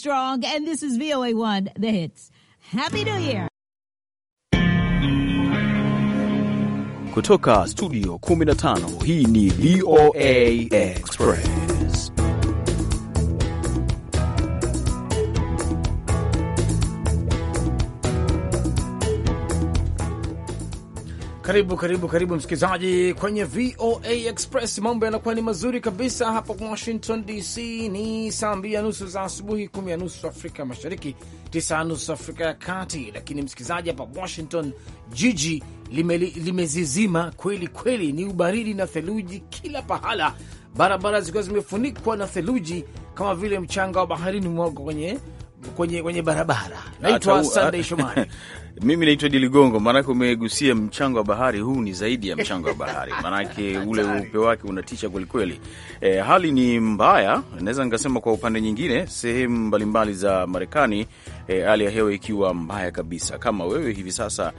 Strong, and this is VOA1, The Hits. Happy New Year! Kutoka Studio 15, hii ni VOA Express. Karibu karibu karibu msikilizaji kwenye VOA Express. Mambo yanakuwa ni mazuri kabisa hapa Washington DC. Ni saa mbili na nusu za asubuhi, kumi na nusu Afrika Mashariki, tisa na nusu Afrika ya Kati. Lakini msikilizaji, hapa Washington jiji limezizima lime kweli kweli, ni ubaridi na theluji kila pahala, barabara zikiwa zimefunikwa na theluji kama vile mchanga wa baharini mwagwa kwenye kwenye, kwenye barabara. Naitwa Sunday Shomari. Mimi naitwa Diligongo. Maanake umegusia mchango wa bahari, huu ni zaidi ya mchango wa bahari, maanake ule weupe wake unatisha kwelikweli. E, hali ni mbaya, naweza nikasema kwa upande nyingine, sehemu mbalimbali za Marekani e, hali e, ya hewa ikiwa mbaya kabisa. Kama wewe hivi sasa,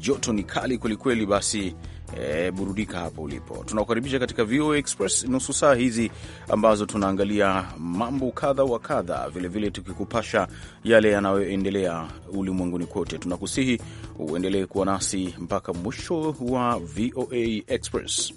joto ni kali kwelikweli, basi E, burudika hapo ulipo. Tunakukaribisha katika VOA Express nusu saa hizi ambazo tunaangalia mambo kadha wa kadha, vilevile tukikupasha yale yanayoendelea ulimwenguni kote. Tunakusihi uendelee kuwa nasi mpaka mwisho wa VOA Express.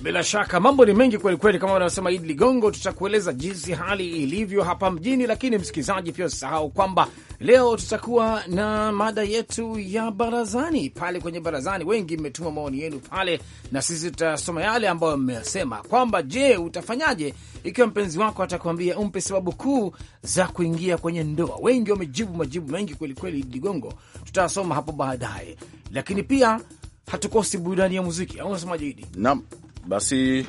Bila shaka mambo ni mengi kwelikweli, kama wanaosema Idi Ligongo, tutakueleza jinsi hali ilivyo hapa mjini. Lakini msikilizaji, pia usisahau kwamba leo tutakuwa na mada yetu ya barazani. Pale kwenye barazani, wengi mmetuma maoni yenu pale, na sisi tutasoma yale ambayo mmeyasema, kwamba je, utafanyaje ikiwa mpenzi wako atakuambia umpe sababu kuu za kuingia kwenye ndoa? Wengi wamejibu majibu mengi kwelikweli, Idi Ligongo, tutasoma hapo baadaye. Lakini pia hatukosi burudani ya muziki, au unasemaje Idi? Naam basi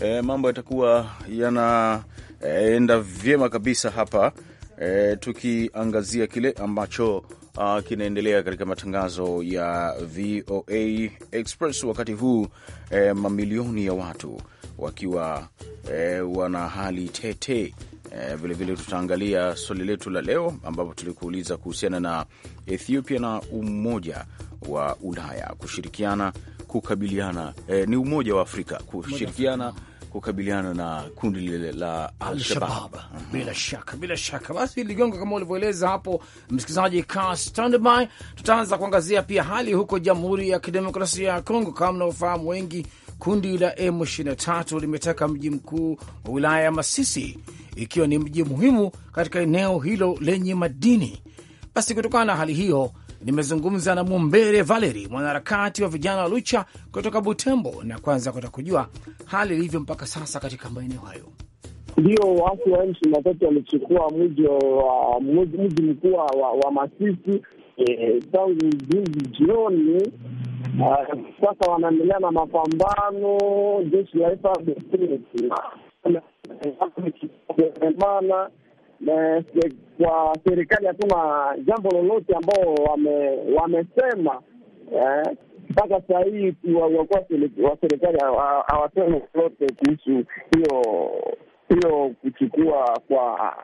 e, mambo yatakuwa yanaenda e, vyema kabisa hapa e, tukiangazia kile ambacho Uh, kinaendelea katika matangazo ya VOA Express wakati huu eh, mamilioni ya watu wakiwa eh, wana hali tete vilevile eh, vile tutaangalia swali letu la leo ambapo tulikuuliza kuhusiana na Ethiopia na Umoja wa Ulaya kushirikiana kukabiliana eh, ni Umoja wa Afrika kushirikiana kukabiliana na kundi lile la Alshabab. Mhm. Bila shaka, bila shaka. Basi Ligongo, kama ulivyoeleza hapo, msikilizaji, ka standby, tutaanza kuangazia pia hali huko Jamhuri ya Kidemokrasia ya Kongo. Kama mnaofahamu wengi, kundi la M23 limeteka mji mkuu wa wilaya ya Masisi, ikiwa ni mji muhimu katika eneo hilo lenye madini. Basi kutokana na hali hiyo nimezungumza na Mumbere Valeri, mwanaharakati wa vijana wa Lucha kutoka Butembo, na kwanza kutaka kujua hali ilivyo mpaka sasa katika maeneo hayo. Ndio, watu wa elfu na tatu wamechukua mji mkuu wa Masisi e, tangu juzi jioni. Ah, sasa wanaendelea na mapambano, jeshi la FARDC Eh, eh, kwa serikali hakuna jambo lolote ambao wame, wamesema eh, mpaka saa hii wa serikali hawasema lolote kuhusu hiyo hiyo kuchukua kwa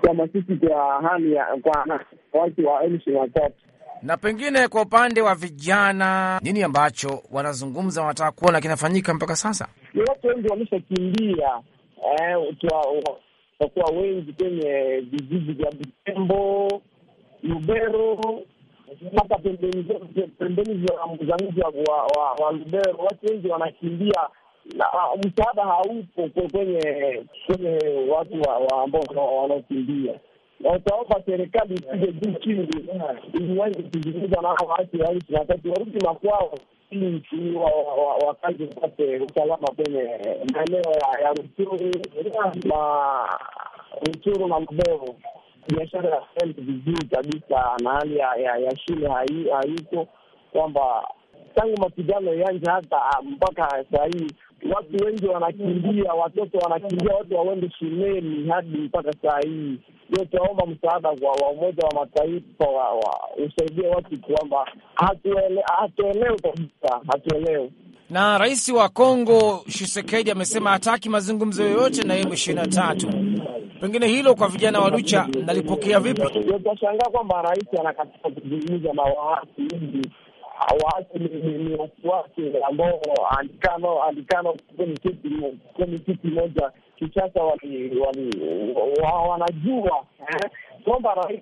kwa masisi kwa hali kwa watu wa elfu ishirini na tatu. Na pengine kwa upande wa vijana, nini ambacho wanazungumza, wanataka kuona kinafanyika? Mpaka sasa ni watu wengi wameshakimbia eh, watakuwa wengi kwenye vijiji vya Butembo, Lubero, mpaka pembeni za mji wa Lubero. Watu wengi wanakimbia na ah, msaada haupo kwenye kwenye watu ambao wanaokimbia wataomba serikali ipige juu chini ili waende kuzungumza nao waache waishi na wakati warudi makwao, ili wakazi wapate usalama kwenye maeneo ya Rutshuru na uchuru na mbovu, biashara ya health vizuri kabisa, na hali ya shule haiko kwamba tangu mapigano yanje hata ah, mpaka sahii hii watu wengi wanakimbia, watoto wanakimbia, watu waende shuleni hadi mpaka saa hii. Ndio tunaomba msaada kwa Umoja wa Mataifa usaidie watu kwamba hatuelewe kabisa, hatuelewe na rais wa Kongo Tshisekedi amesema hataki mazungumzo yoyote na M23. Pengine hilo kwa vijana wa Lucha nalipokea vipi? Utashangaa kwamba rais anakataa kuzungumza na waasi hivi. Waasi ni watu wake ambao alikano kwenye komiti moja kisasa wanajua eh, kwamba rais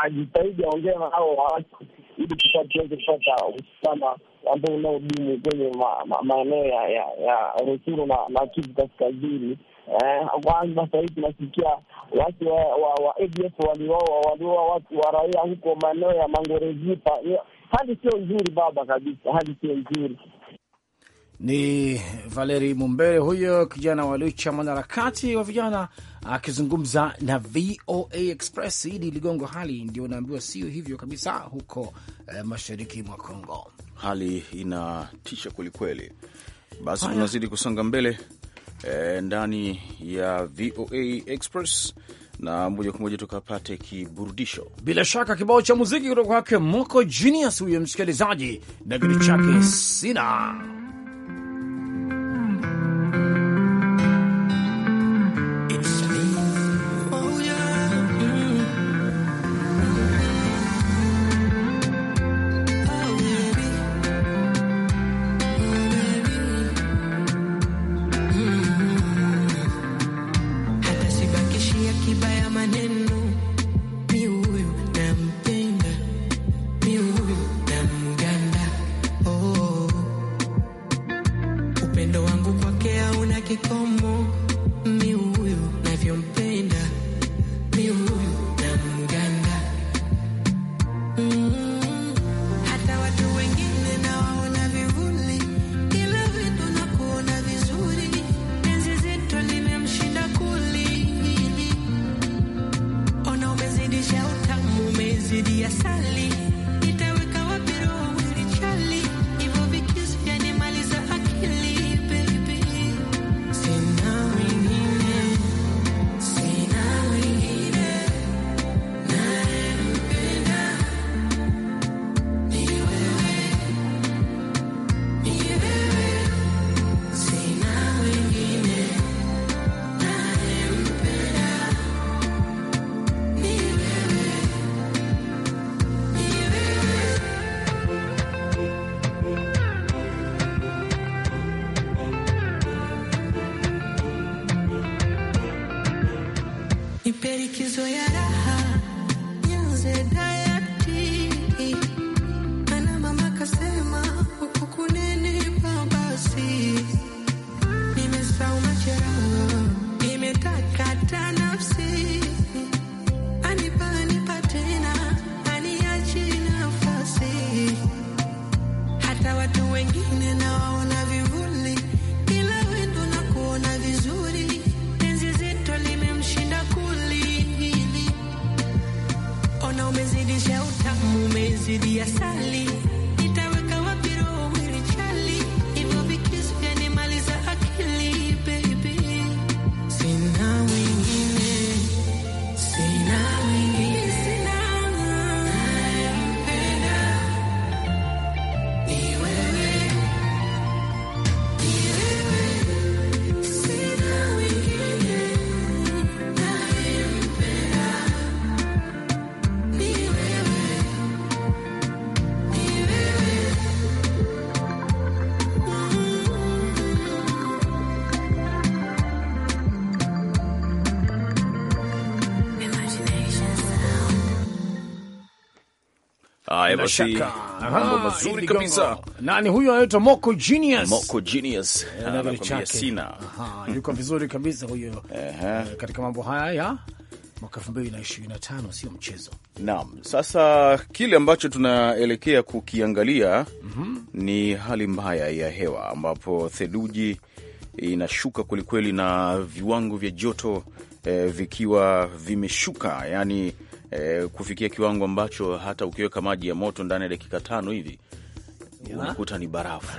anajitahidi aongea na hao waasi ili tukawa tuweze kupata usalama ambao unaodumu kwenye maeneo ya Rusuru na Kivu Kaskazini. Eh, kwanza sahii tunasikia watu wa ADF waliua watu wa raia huko maeneo ya Mangorezipa. Hali sio nzuri baba kabisa, hali sio nzuri. Ni Valeri Mumbere huyo kijana wa Lucha, mwanaharakati wa vijana akizungumza na VOA Express. Idi Ligongo, hali ndio unaambiwa sio hivyo kabisa huko eh, mashariki mwa congo hali inatisha kwelikweli. Basi tunazidi kusonga mbele eh, ndani ya VOA Express na moja kwa moja tukapate kiburudisho, bila shaka kibao cha muziki kutoka kwake Moko Genius huyo msikilizaji, na kitu chake sina bila shaka mambo ah, mazuri kabisa. Nani huyo anaitwa Moko Genius? Moko Genius eh, anakuambia sina. Aha, Yuko vizuri kabisa huyo eh, katika mambo haya ya mwaka 2025 sio mchezo. Naam, sasa kile ambacho tunaelekea kukiangalia mm -hmm. ni hali mbaya ya hewa ambapo theluji inashuka kwelikweli na viwango vya joto eh, vikiwa vimeshuka yani e, kufikia kiwango ambacho hata ukiweka maji ya moto ndani ya dakika tano hivi unakuta ni barafu.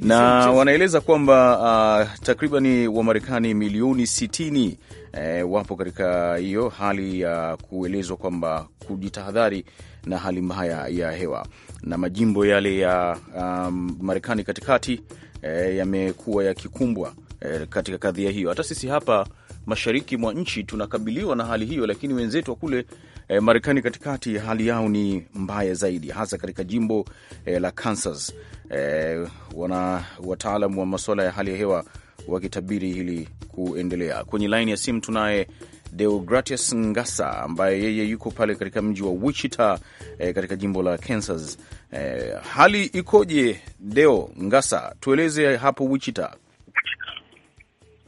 na wanaeleza kwamba uh, takribani Wamarekani milioni 60 eh, wapo katika hiyo hali ya uh, kuelezwa kwamba kujitahadhari na hali mbaya ya hewa, na majimbo yale ya um, Marekani katikati eh, yamekuwa yakikumbwa eh, katika kadhia hiyo. Hata sisi hapa mashariki mwa nchi tunakabiliwa na hali hiyo, lakini wenzetu wa kule e, Marekani katikati hali yao ni mbaya zaidi, hasa katika jimbo e, la Kansas. E, wana wataalam wa masuala ya hali ya hewa wakitabiri hili kuendelea. Kwenye laini ya simu tunaye Deogratius Ngasa ambaye yeye yuko pale katika mji wa Wichita e, katika jimbo la Kansas. E, hali ikoje Deo Ngasa? Tueleze hapo Wichita.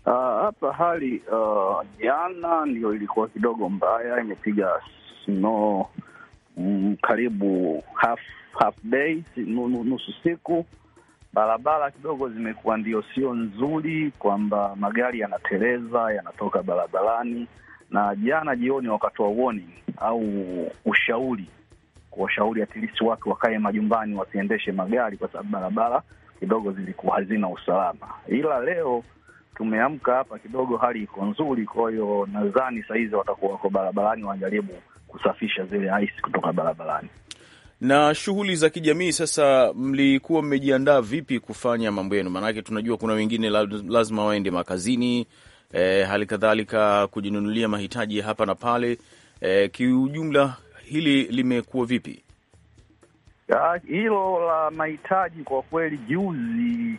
Ah, hapa uh, hali ah, jana uh, ndio ilikuwa kidogo mbaya, imepiga snow mm, karibu half, half day nusu siku. Barabara kidogo zimekuwa ndio sio nzuri, kwamba magari yanateleza yanatoka barabarani, na jana jioni wakatoa warning au ushauri, kuwashauri atilisi watu wakae majumbani wasiendeshe magari, kwa sababu barabara kidogo zilikuwa hazina usalama, ila leo tumeamka hapa kidogo, hali iko nzuri. Kwa hiyo nadhani sahizi watakuwa wako barabarani, wanajaribu kusafisha zile ice kutoka barabarani na shughuli za kijamii. Sasa mlikuwa mmejiandaa vipi kufanya mambo yenu? Maanake tunajua kuna wengine lazima waende makazini, e, hali kadhalika kujinunulia mahitaji hapa na pale. E, kiujumla hili limekuwa vipi? Ya, ah, hilo la mahitaji kwa kweli juzi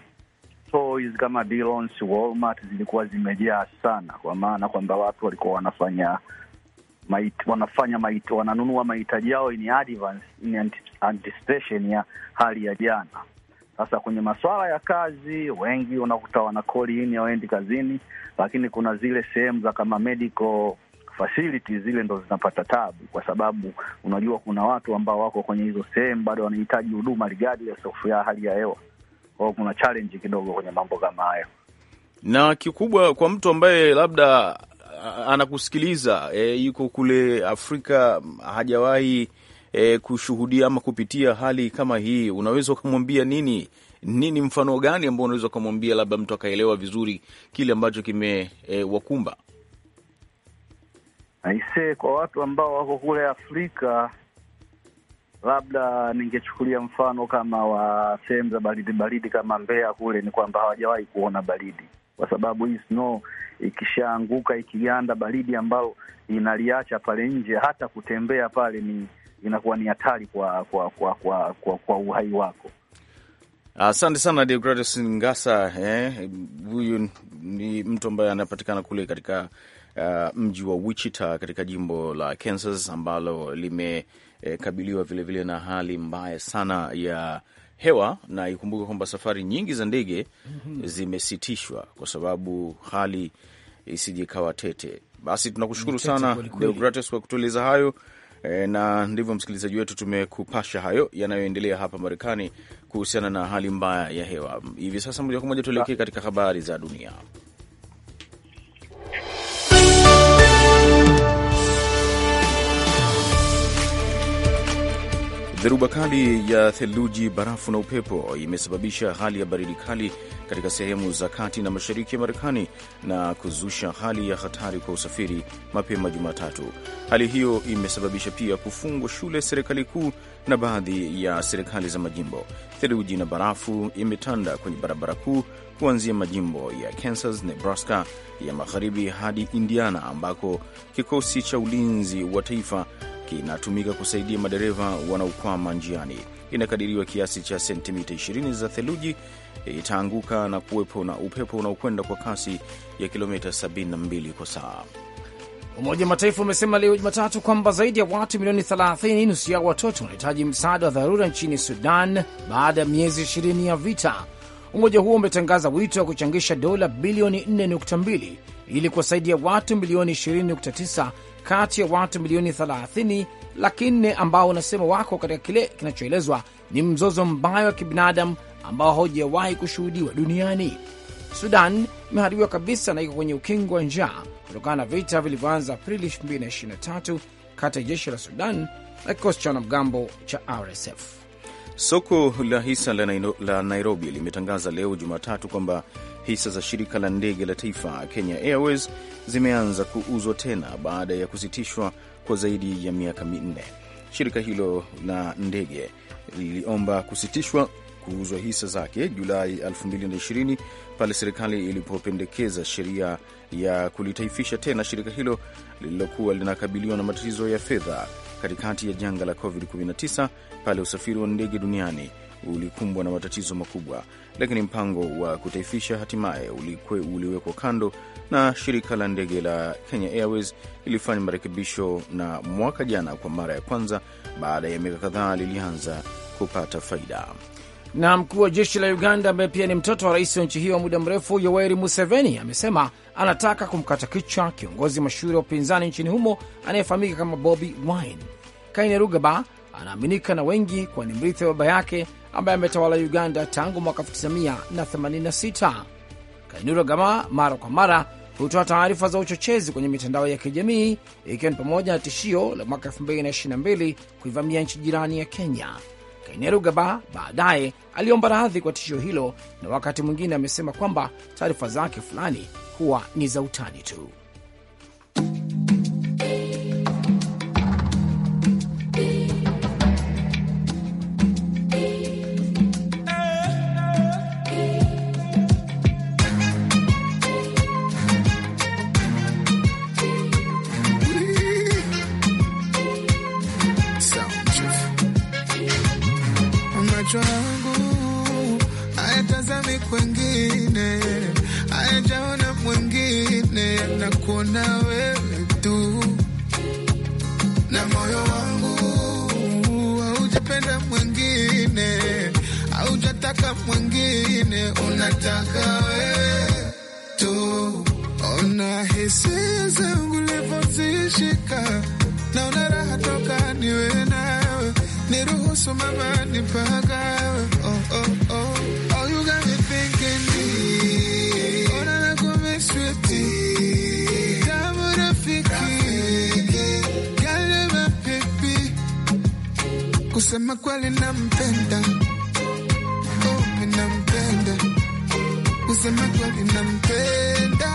toys kama Dillons, Walmart zilikuwa zimejaa sana, kwa maana kwamba watu walikuwa wanafanya mait, wanafanya mait, wananunua mahitaji yao in advance, in anticipation ya hali ya jana. Sasa kwenye masuala ya kazi, wengi unakuta wana call in hawaendi kazini, lakini kuna zile sehemu za kama medical facilities zile ndo zinapata tabu, kwa sababu unajua kuna watu ambao wako kwenye hizo sehemu bado wanahitaji huduma regardless ya hali ya hewa kwao kuna challenge kidogo kwenye mambo kama hayo, na kikubwa kwa mtu ambaye labda anakusikiliza e, yuko kule Afrika hajawahi e, kushuhudia ama kupitia hali kama hii, unaweza ukamwambia nini nini, mfano gani ambao unaweza ukamwambia labda mtu akaelewa vizuri kile ambacho kimewakumba? E, aise, kwa watu ambao wako kule Afrika labda ningechukulia mfano kama wa sehemu za baridi baridi kama Mbeya kule, ni kwamba hawajawahi kuona baridi, kwa sababu hii snow ikishaanguka ikiganda, baridi ambayo inaliacha pale nje, hata kutembea pale ni inakuwa ni hatari kwa kwa kwa kwa, kwa, kwa uhai wako. Asante uh, sana Deogratus Ngasa. Eh? Huyu eh, ni mtu ambaye anapatikana kule katika uh, mji wa Wichita katika jimbo la Kansas ambalo lime kabiliwa vilevile na hali mbaya sana ya hewa, na ikumbuke kwamba safari nyingi za ndege mhm. zimesitishwa kwa sababu hali isije kawa tete. Basi tunakushukuru sana Deogratis kwa kutueleza hayo e, na ndivyo msikilizaji wetu tumekupasha hayo yanayoendelea hapa Marekani kuhusiana na hali mbaya ya hewa hivi sasa. Moja kwa moja tuelekee katika habari za dunia. Dhoruba kali ya theluji, barafu na upepo imesababisha hali ya baridi kali katika sehemu za kati na mashariki ya Marekani na kuzusha hali ya hatari kwa usafiri mapema Jumatatu. Hali hiyo imesababisha pia kufungwa shule, serikali kuu na baadhi ya serikali za majimbo. Theluji na barafu imetanda kwenye barabara kuu kuanzia majimbo ya Kansas, Nebraska ya magharibi hadi Indiana, ambako kikosi cha ulinzi wa taifa kinatumika kusaidia madereva wanaokwama njiani. Inakadiriwa kiasi cha sentimita 20 za theluji itaanguka na kuwepo na upepo unaokwenda kwa kasi ya kilomita 72 kwa saa. Umoja wa Mataifa umesema leo Jumatatu kwamba zaidi ya watu milioni 30, nusu yao watoto, wanahitaji msaada wa dharura nchini Sudan baada ya miezi 20 ya vita. Umoja huo umetangaza wito wa kuchangisha dola bilioni 4.2 ili kuwasaidia watu milioni 20.9 kati ya watu milioni 30 laki nne ambao wanasema wako katika kile kinachoelezwa ni mzozo mbaya wa kibinadamu ambao haujawahi kushuhudiwa duniani. Sudan imeharibiwa kabisa na iko kwenye ukingo wa njaa kutokana na vita vilivyoanza Aprili 2023 kati ya jeshi la Sudan na kikosi cha wanamgambo cha RSF. Soko la hisa la Nairobi limetangaza leo Jumatatu kwamba hisa za shirika la ndege la taifa Kenya Airways zimeanza kuuzwa tena baada ya kusitishwa kwa zaidi ya miaka minne. Shirika hilo la ndege liliomba kusitishwa kuuzwa hisa zake Julai 2020 pale serikali ilipopendekeza sheria ya kulitaifisha tena shirika hilo lililokuwa linakabiliwa na matatizo ya fedha katikati ya janga la COVID-19 pale usafiri wa ndege duniani ulikumbwa na matatizo makubwa lakini mpango wa kutaifisha hatimaye uliwekwa kando na shirika la ndege la Kenya Airways lilifanya marekebisho, na mwaka jana kwa mara ya kwanza baada ya miaka kadhaa lilianza kupata faida. Na mkuu wa jeshi la Uganda ambaye pia ni mtoto wa rais wa nchi hiyo wa muda mrefu Yoweri Museveni amesema anataka kumkata kichwa kiongozi mashuhuri wa upinzani nchini humo anayefahamika kama Bobi Wine. Kainerugaba anaaminika na wengi kuwa ni mrithi wa baba yake ambaye ametawala Uganda tangu mwaka 1986. Kainura Gama mara kwa mara hutoa taarifa za uchochezi kwenye mitandao ya kijamii ikiwa ni pamoja na tishio la mwaka 2022 kuivamia nchi jirani ya Kenya. Kainerugaba baadaye aliomba radhi kwa tishio hilo, na wakati mwingine amesema kwamba taarifa zake fulani huwa ni za utani tu. macho yangu hayatazami kwengine, hayajaona mwengine, nakuona kuona wewe tu, na moyo wangu haujapenda mwengine, haujataka mwengine, unataka wewe so Kusema kweli nampenda, oh, nampenda. Kusema kweli nampenda,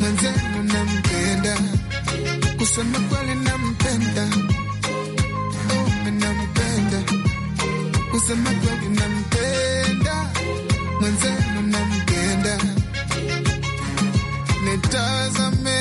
mwenzenu nampenda. Kusema kweli nampenda, oh, oh. nampenda. Sema kweli nampenda mwenzenu, nampenda nitazame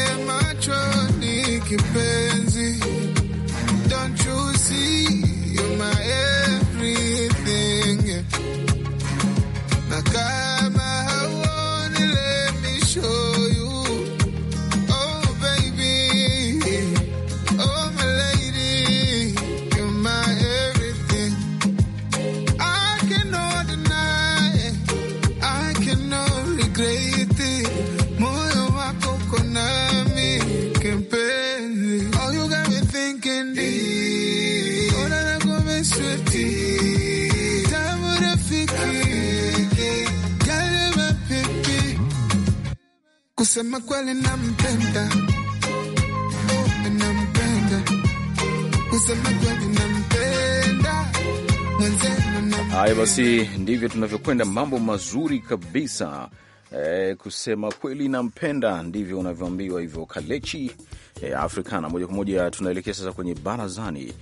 Kusema kweli nampenda, nampenda. Kusema kweli nampenda. Haya basi, ndivyo tunavyokwenda, mambo mazuri kabisa. E, kusema kweli nampenda, ndivyo unavyoambiwa hivyo Kalechi e, eh, Afrikana. Moja kwa moja tunaelekea sasa kwenye barazani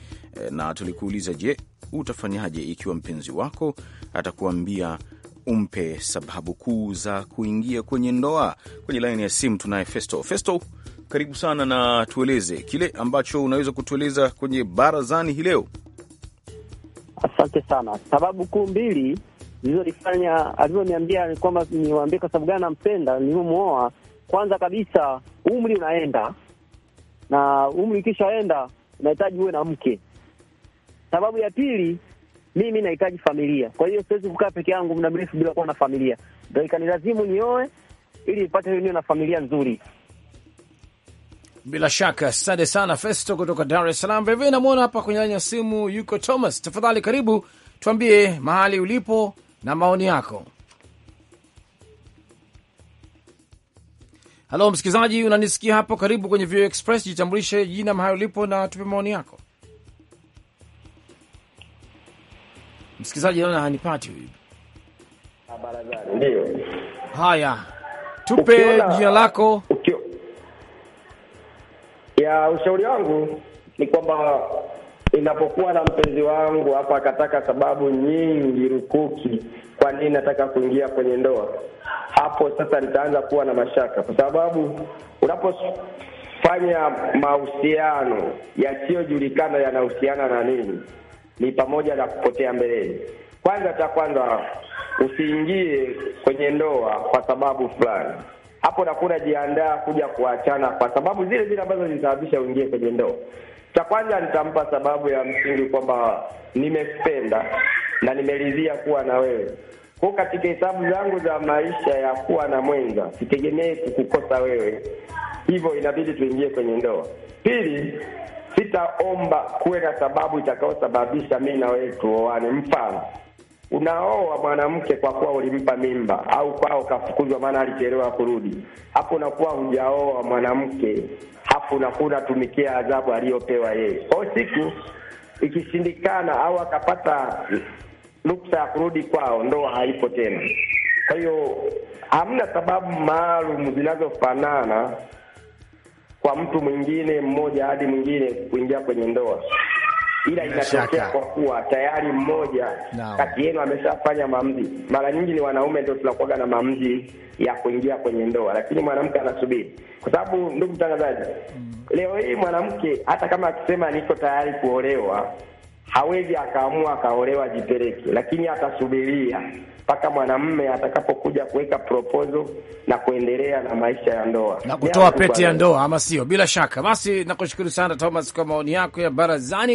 Eh, na tulikuuliza, je, utafanyaje ikiwa mpenzi wako atakuambia umpe sababu kuu za kuingia kwenye ndoa? Kwenye laini ya simu tunaye Festo. Festo, karibu sana na tueleze kile ambacho unaweza kutueleza kwenye barazani hii leo. Asante sana. Sababu kuu mbili zilizonifanya alivyoniambia kwamba niwaambie kwa sababu gani nampenda nilivyomwoa. Kwanza kabisa, umri unaenda na umri ukishaenda unahitaji uwe na mke. Sababu ya pili, mimi nahitaji familia, kwa hiyo siwezi kukaa peke yangu muda mrefu bila kuwa na familia. Ndio ikanilazimu nioe ili nipate niwe na familia nzuri. Bila shaka, asante sana Festo kutoka Dar es Salaam. Vilevile namwona hapa kwenye laini ya simu yuko Thomas. Tafadhali karibu, tuambie mahali ulipo na maoni yako. Halo msikilizaji, unanisikia hapo? Karibu kwenye Vio Express, jitambulishe jina, mahali ulipo na tupe maoni yako. msikilizaji naona hanipati huyu Ndio haya, tupe jina lako ya ushauri wangu ni kwamba inapokuwa na mpenzi wangu hapa akataka sababu nyingi rukuki, kwa nini nataka kuingia kwenye ndoa, hapo sasa nitaanza kuwa na mashaka, kwa sababu unapofanya mahusiano yasiyojulikana yanahusiana na nini ni pamoja na kupotea mbeleni. Kwanza cha kwanza, usiingie kwenye ndoa kwa sababu fulani, hapo nakuna jiandaa kuja kuachana kwa sababu zile zile ambazo zilisababisha uingie kwenye ndoa. Cha kwanza nitampa sababu ya msingi kwamba nimekupenda na nimeridhia kuwa na wewe kwa katika hesabu zangu za maisha ya kuwa na mwenza sitegemee kukukosa wewe, hivyo inabidi tuingie kwenye ndoa. Pili, sitaomba kuwe na sababu itakayosababisha mi na wewe tuoane. Mfano, unaoa mwanamke kwa kuwa ulimpa mimba au kwao ukafukuzwa, maana alichelewa kurudi, hapo unakuwa hujaoa mwanamke, hapo unakuwa unatumikia adhabu aliyopewa yeye. Kwa siku ikishindikana au akapata ruksa ya kurudi kwao, ndoa haipo tena. Kwa hiyo hamna sababu maalum zinazofanana kwa mtu mwingine mmoja hadi mwingine kuingia kwenye ndoa, ila inatokea kwa kuwa tayari mmoja kati yenu ameshafanya maamuzi. Mara nyingi ni wanaume ndio tunakuwaga na maamuzi ya kuingia kwenye ndoa, lakini mwanamke anasubiri, kwa sababu ndugu mtangazaji, mm. leo hii mwanamke hata kama akisema niko tayari kuolewa hawezi akaamua akaolewa jipeleke, lakini atasubiria mpaka mwanamme atakapokuja kuweka proposal na kuendelea na maisha ya ndoa na kutoa pete ya ndoa, ama sio? Bila shaka basi, nakushukuru sana Thomas kwa maoni yako ya barazani.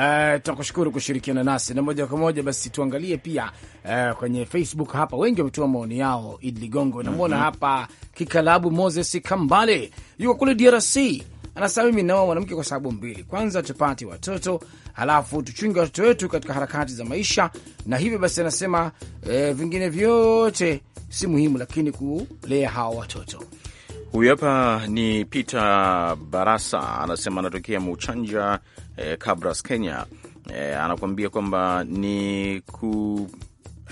Eh, tunakushukuru kushirikiana nasi na moja kwa moja. Basi tuangalie pia uh, kwenye Facebook hapa, wengi wametoa maoni yao. id Ligongo namwona mm -hmm. hapa Kikalabu Moses Kambale yuko kule DRC anasema mimi naoa mwanamke kwa sababu mbili. Kwanza tupate watoto, halafu tuchunge watoto wetu katika harakati za maisha, na hivyo basi anasema e, vingine vyote si muhimu, lakini kulea hawa watoto. Huyu hapa ni Peter Barasa, anasema anatokea Muchanja, e, Kabras, Kenya. E, anakuambia kwamba ni ku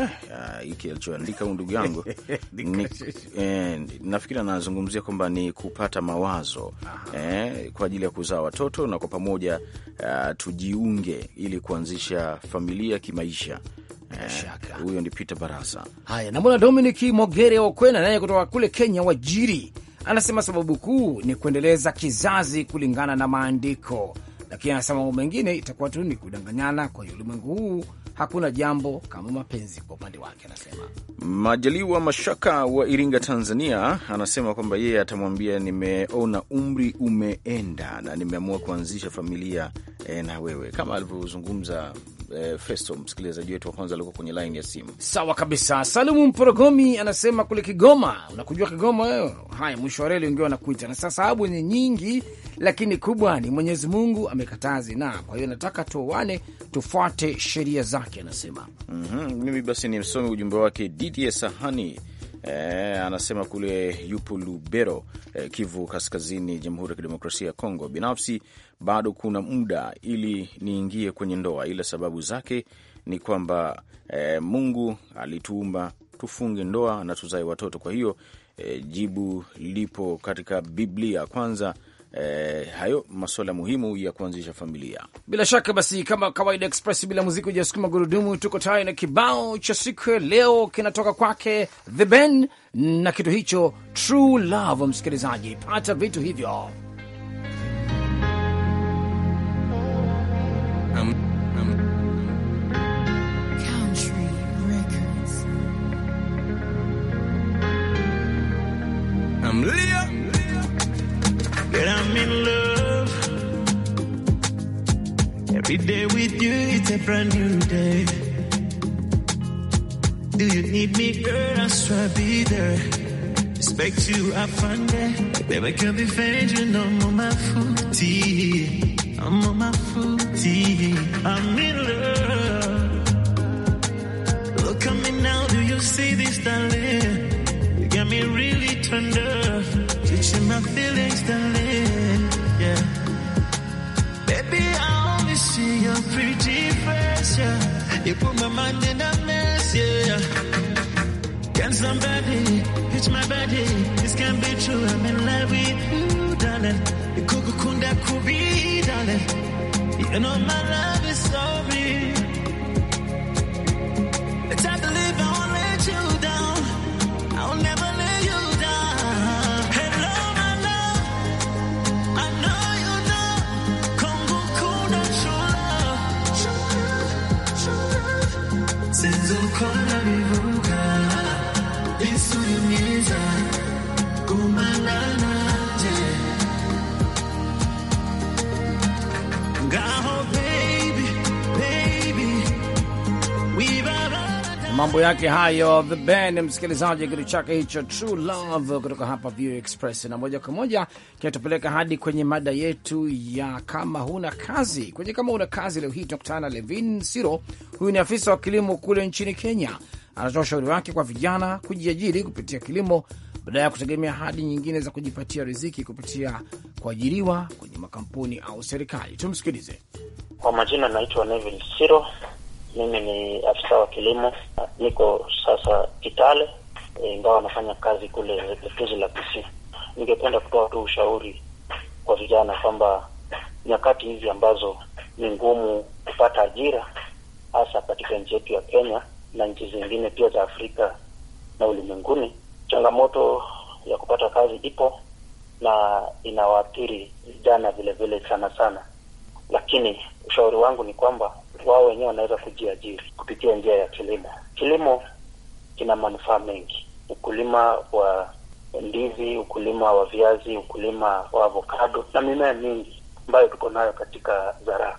Ah, hiki alichoandika huu ndugu yangu eh, nafikiri anazungumzia kwamba ni kupata mawazo eh, kwa ajili ya kuzaa watoto na kwa pamoja uh, tujiunge ili kuanzisha familia kimaisha. Eh, huyo eh, ni Peter Barasa. Haya, namwona Dominic Mogere Okwena naye kutoka kule Kenya, Wajiri, anasema sababu kuu ni kuendeleza kizazi kulingana na maandiko lakini anasema mambo mengine itakuwa tu ni kudanganyana kwenye ulimwengu huu. Hakuna jambo kama mapenzi. Kwa upande wake, anasema Majaliwa Mashaka wa Iringa, Tanzania, anasema kwamba yeye atamwambia nimeona umri umeenda na nimeamua kuanzisha familia e, na wewe kama alivyozungumza eh, Festo, msikilizaji wetu wa kwanza alikuwa kwenye laini ya simu. Sawa kabisa. Salumu Mporogomi anasema kule Kigoma, unakujua Kigoma wewe. Eh? Haya, mwisho wa reli ungiwa nakuita na sasa. Sababu ni nyingi, lakini kubwa ni Mwenyezi Mungu amekataa zinaa, kwa hiyo nataka tuoane, tufuate sheria zake, anasema. mm -hmm. Mimi basi msomi ujumbe wake Didi ya Sahani eh, anasema kule yupo Lubero eh, Kivu Kaskazini, Jamhuri ya Kidemokrasia ya Kongo. Binafsi bado kuna muda ili niingie kwenye ndoa, ila sababu zake ni kwamba eh, Mungu alituumba tufunge ndoa na tuzae watoto. Kwa hiyo eh, jibu lipo katika Biblia kwanza eh, hayo masuala muhimu ya kuanzisha familia. Bila shaka basi, kama kawaida, Express bila muziki hujasukuma gurudumu. Tuko tayari na kibao cha siku ya leo, kinatoka kwake The Ben na kitu hicho True Love. Msikilizaji, pata vitu hivyo Today with you, it's a brand new day. Do you need me, girl? I swear I'll be there. Expect you, I find that. Baby, can't be fake, you know I'm on my footy. I'm on my footy. I'm in love. Look at me now, do you see this, darling? You got me really turned up. Teaching my feelings, darling. see your pretty face, yeah. You put my mind in a mess, yeah. Can somebody hit my body? This can not be true, I'm in love with you, darling. You could kunda kubi, darling. You know my love is so real. It's at the mambo yake hayo, the band msikilizaji, kitu chake hicho true love kutoka hapa View Express, na moja kwa moja kinatupeleka hadi kwenye mada yetu ya kama huna kazi. Kwenye kama huna kazi leo hii tunakutana na Levin Siro, huyu ni afisa wa kilimo kule nchini Kenya. Anatoa ushauri wake kwa vijana kujiajiri kupitia kilimo badala ya kutegemea hadi nyingine za kujipatia riziki kupitia kuajiriwa kwenye makampuni au serikali. Tumsikilize. Kwa majina naitwa Neville Siro mimi ni afisa wa kilimo, niko sasa Kitale, eh, ingawa e, nafanya kazi kule tuzi la PC. Ningependa kutoa tu ushauri kwa vijana kwamba nyakati hizi ambazo ni ngumu kupata ajira hasa katika nchi yetu ya Kenya na nchi zingine pia za Afrika na ulimwenguni, changamoto ya kupata kazi ipo na inawaathiri vijana vile vile sana sana, lakini ushauri wangu ni kwamba wao wenyewe wanaweza kujiajiri kupitia njia ya kilimo. Kilimo kina manufaa mengi, ukulima wa ndizi, ukulima wa viazi, ukulima wa avokado na mimea mingi ambayo tuko nayo katika zaraa.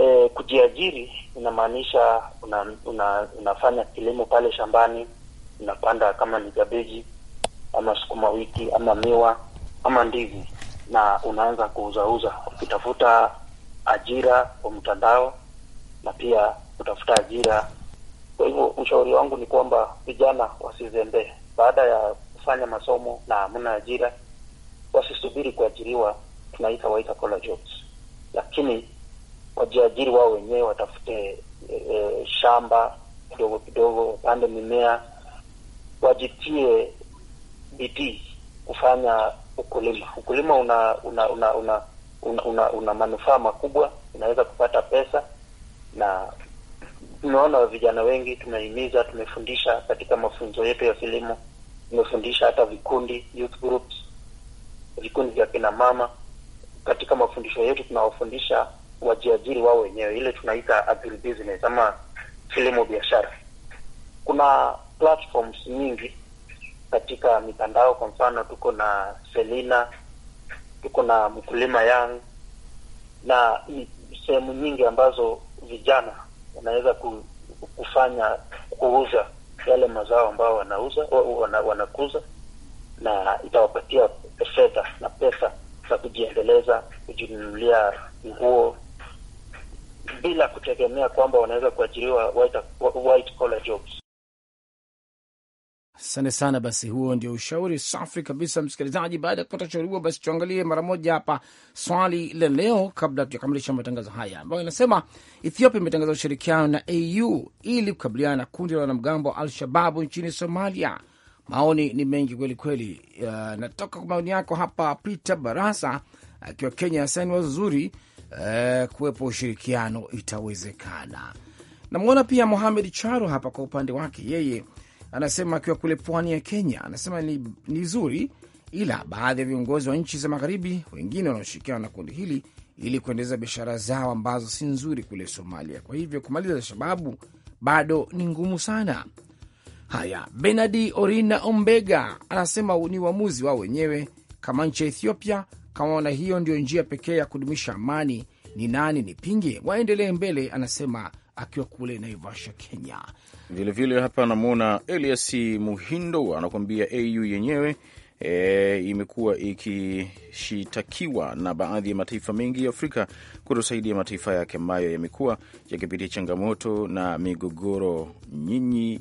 E, kujiajiri inamaanisha una, una, unafanya kilimo pale shambani, unapanda kama ni kabeji ama sukuma wiki ama miwa ama ndizi, na unaanza kuuzauza ukitafuta ajira kwa mtandao na pia kutafuta ajira. Kwa hivyo ushauri wangu ni kwamba vijana wasizembee, baada ya kufanya masomo na hamna ajira, wasisubiri kuajiriwa, tunaita white collar jobs, lakini wajiajiri wao wenyewe, watafute e, e, shamba kidogo kidogo, wapande mimea, wajitie bidii kufanya ukulima. Ukulima una una una una, una, una, una manufaa makubwa, unaweza kupata pesa na tumeona vijana wengi tumehimiza, tumefundisha katika mafunzo yetu ya kilimo, tumefundisha hata vikundi youth groups, vikundi vya kina mama. Katika mafundisho yetu tunawafundisha wajiajiri wao wenyewe, ile tunaita business ama kilimo biashara. Kuna platforms nyingi katika mitandao, kwa mfano tuko na Selina, tuko na Mkulima yang na sehemu nyingi ambazo vijana wanaweza kufanya kuuza yale mazao ambao wanauza wana, wanakuza na itawapatia fedha na pesa za kujiendeleza, kujinunulia nguo bila kutegemea kwamba wanaweza kuajiriwa white, white collar jobs. Asante sana. Basi huo ndio ushauri safi kabisa, msikilizaji. Baada ya kupata ushauri huo, basi tuangalie mara moja hapa swali la leo, kabla tujakamilisha matangazo haya, ambayo inasema Ethiopia imetangaza ushirikiano na AU ili kukabiliana na kundi la wanamgambo wa Al-Shababu nchini Somalia. Maoni ni mengi kweli kweli. Uh, natoka kwa maoni yako hapa Peter Barasa akiwa Kenya, asani wazo zuri. Uh, kuwepo ushirikiano itawezekana. Namwona pia Mohamed Charo hapa kwa upande wake, yeye anasema akiwa kule pwani ya Kenya, anasema ni, ni zuri, ila baadhi ya viongozi wa nchi za magharibi wengine wanaoshirikiana na kundi hili ili kuendeleza biashara zao ambazo si nzuri kule Somalia. Kwa hivyo kumaliza Alshababu bado ni ngumu sana. Haya, Benadi Orina Ombega anasema ni uamuzi wao wenyewe kama nchi ya Ethiopia, kama wana hiyo ndio njia pekee ya kudumisha amani, ni nani nipinge? Waendelee mbele, anasema akiwa kule Naivasha, Kenya. Vilevile hapa anamwona Elias Muhindo anakuambia au yenyewe E, imekuwa ikishitakiwa na baadhi ya mataifa mengi ya Afrika kutosaidia mataifa yake ambayo yamekuwa yakipitia changamoto na migogoro nyinyi,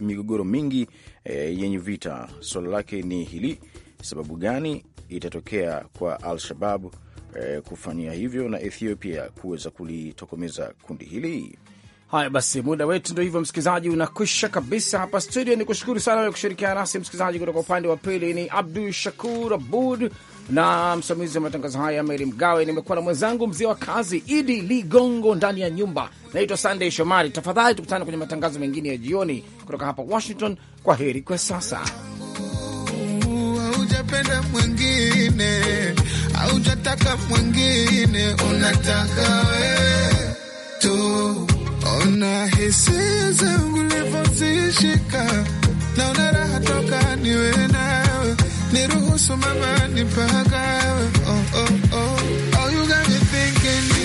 migogoro mingi e, yenye vita. Swala lake ni hili, sababu gani itatokea kwa al shabab e, kufanyia hivyo na Ethiopia kuweza kulitokomeza kundi hili? Haya basi, muda wetu ndo hivyo, msikilizaji, unakwisha kabisa hapa studio. Ni kushukuru sana wewe kushirikiana nasi msikilizaji. Kutoka upande wa pili ni abdu Shakur Abud na msimamizi wa matangazo haya Meri Mgawe. Nimekuwa na mwenzangu mzee wa kazi Idi Ligongo ndani ya nyumba. Naitwa sandey Shomari. Tafadhali tukutane kwenye matangazo mengine ya jioni kutoka hapa Washington. Kwa heri kwa sasa. Haujapenda mwingine, haujataka mwingine, unataka wewe tu. Ona hisia zangu ulivozishika, naona raha toka niwe nawe, niruhusu mama nipagawe oh, oh.